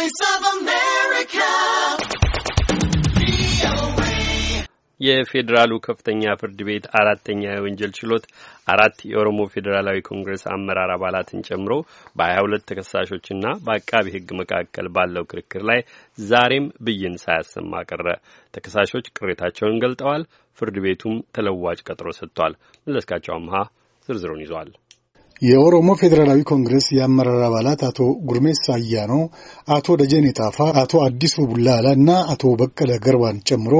Voice of America. የፌዴራሉ ከፍተኛ ፍርድ ቤት አራተኛ የወንጀል ችሎት አራት የኦሮሞ ፌዴራላዊ ኮንግረስ አመራር አባላትን ጨምሮ በሀያ ሁለት ተከሳሾችና በአቃቢ ሕግ መካከል ባለው ክርክር ላይ ዛሬም ብይን ሳያሰማ ቀረ። ተከሳሾች ቅሬታቸውን ገልጠዋል። ፍርድ ቤቱም ተለዋጭ ቀጥሮ ሰጥቷል። መለስካቸው አምሃ ዝርዝሩን ይዟል። የኦሮሞ ፌዴራላዊ ኮንግረስ የአመራር አባላት አቶ ጉርሜሳ አያኖ፣ አቶ ደጀኔ ጣፋ፣ አቶ አዲሱ ቡላላ እና አቶ በቀለ ገርባን ጨምሮ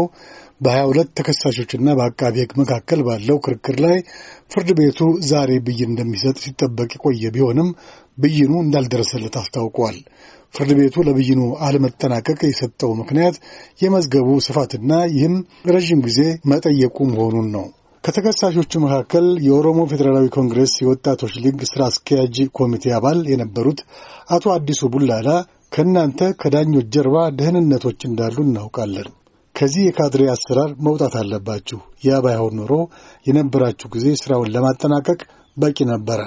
በሀያ ሁለት ተከሳሾችና በአቃቢ ሕግ መካከል ባለው ክርክር ላይ ፍርድ ቤቱ ዛሬ ብይን እንደሚሰጥ ሲጠበቅ የቆየ ቢሆንም ብይኑ እንዳልደረሰለት አስታውቋል። ፍርድ ቤቱ ለብይኑ አለመጠናቀቅ የሰጠው ምክንያት የመዝገቡ ስፋትና ይህም ረዥም ጊዜ መጠየቁ መሆኑን ነው። ከተከሳሾቹ መካከል የኦሮሞ ፌዴራላዊ ኮንግሬስ የወጣቶች ሊግ ስራ አስኪያጅ ኮሚቴ አባል የነበሩት አቶ አዲሱ ቡላላ ከእናንተ ከዳኞች ጀርባ ደህንነቶች እንዳሉ እናውቃለን። ከዚህ የካድሬ አሰራር መውጣት አለባችሁ። ያ ባይሆን ኖሮ የነበራችሁ ጊዜ ስራውን ለማጠናቀቅ በቂ ነበረ።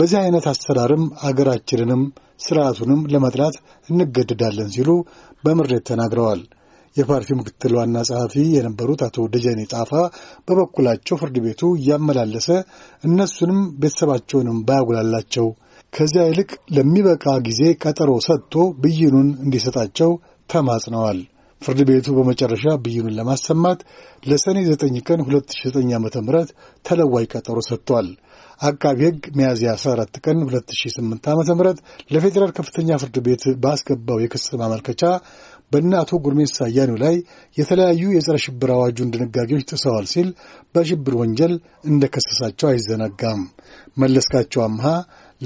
በዚህ አይነት አሰራርም አገራችንንም ስርዓቱንም ለመጥላት እንገደዳለን ሲሉ በምሬት ተናግረዋል። የፓርቲው ምክትል ዋና ጸሐፊ የነበሩት አቶ ደጀኔ ጣፋ በበኩላቸው ፍርድ ቤቱ እያመላለሰ እነሱንም ቤተሰባቸውንም ባያጉላላቸው ከዚያ ይልቅ ለሚበቃ ጊዜ ቀጠሮ ሰጥቶ ብይኑን እንዲሰጣቸው ተማጽነዋል። ፍርድ ቤቱ በመጨረሻ ብይኑን ለማሰማት ለሰኔ 9 ቀን 2009 ዓ ም ተለዋጭ ቀጠሮ ሰጥቷል። አቃቢ ሕግ ሚያዝያ 14 ቀን 2008 ዓ ም ለፌዴራል ከፍተኛ ፍርድ ቤት ባስገባው የክስ ማመልከቻ በእነ አቶ ጉርሜሳ አያሌው ላይ የተለያዩ የጸረ ሽብር አዋጁን ድንጋጌዎች ጥሰዋል ሲል በሽብር ወንጀል እንደከሰሳቸው አይዘነጋም። መለስካቸው አምሃ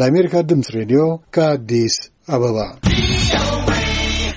ለአሜሪካ ድምፅ ሬዲዮ ከአዲስ አበባ